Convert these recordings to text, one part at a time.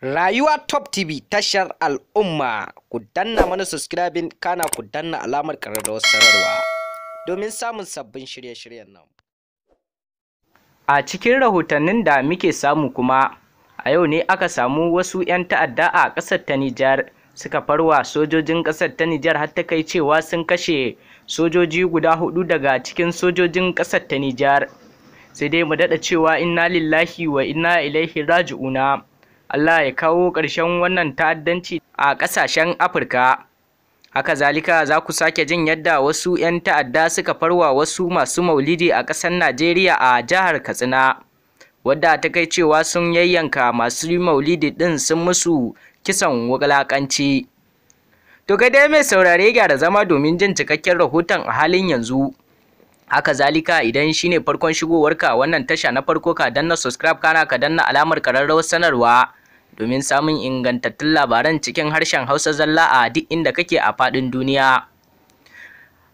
Rayuwa Top TV tashar al'umma ku danna mana subscribing kana ku danna alamar ƙararrawar sanarwa domin samun sabbin shirye-shiryen nan. A cikin rahotannin da muke samu kuma a yau ne aka samu wasu 'yan ta'adda a ƙasar ta Nijar suka farwa sojojin ƙasar ta Nijar har ta kai cewa sun kashe sojoji guda hudu daga cikin sojojin ƙasar ta Nijar. Sai dai mu daɗa cewa inna lillahi wa inna ilaihi raji'una. Allah ya kawo ƙarshen wannan ta'addanci a ƙasashen Afirka. Haka zalika za ku sake jin yadda wasu 'yan ta'adda suka farwa wasu masu maulidi a ƙasar Najeriya a jihar Katsina, wadda ta kai cewa sun yayyanka masu maulidi ɗin sun musu kisan wulaƙanci. To kai dai mai saurare gyara zama domin jin cikakken rahoton a halin yanzu. haka zalika idan shi ne farkon shigowarka wannan tasha na farko ka danna subscribe kana ka danna alamar kararrawar sanarwa domin samun ingantattun labaran cikin harshen Hausa zalla a duk inda kake a faɗin duniya.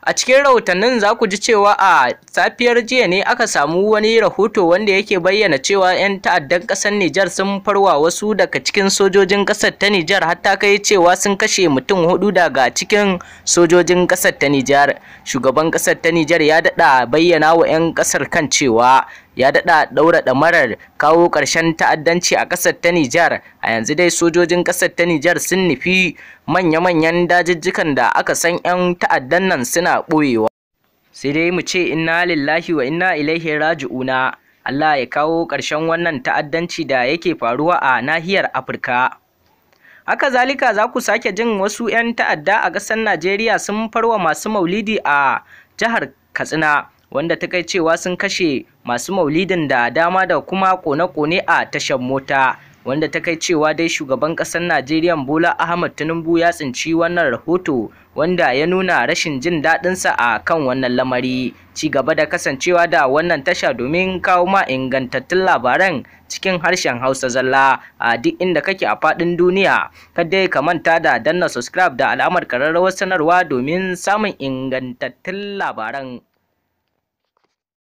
A cikin rahotannin za ku ji cewa a safiyar jiya ne aka samu wani rahoto wanda yake bayyana cewa 'yan ta'addan ƙasar Nijar sun farwa wasu daga cikin sojojin ƙasar ta Nijar hatta kai cewa sun kashe mutum hudu daga cikin sojojin ƙasar ta Nijar. Shugaban ƙasar ta Nijar ya daɗa bayyana wa 'yan ƙasar kan cewa ya daɗa ɗaura marar kawo ƙarshen ta'addanci a ƙasar ta Nijar a yanzu dai sojojin ƙasar ta Nijar sun nufi manya-manyan dajijjikan da aka san 'yan ta'addan nan suna ɓoyewa. Sai dai mu ce inna lillahi wa inna ilaihi raji'una Allah ya kawo ƙarshen wannan ta'addanci da yake faruwa a nahiyar Afirka. Haka zalika za ku sake jin wasu 'yan ta'adda a ƙasar Najeriya sun farwa masu maulidi a jihar Katsina wanda ta kai cewa sun kashe masu maulidin da dama da kuma kone-kone a tashar mota wanda ta kai cewa dai shugaban ƙasar najeriya bola ahmad tinubu ya tsinci wannan rahoto wanda ya nuna rashin jin daɗinsa a kan wannan lamari ci gaba da kasancewa da wannan tasha domin kawo ma ingantattun labaran cikin harshen hausa zalla a duk inda kake a faɗin duniya kada ka manta da danna subscribe da alamar ƙararrawar sanarwa domin samun ingantattun labaran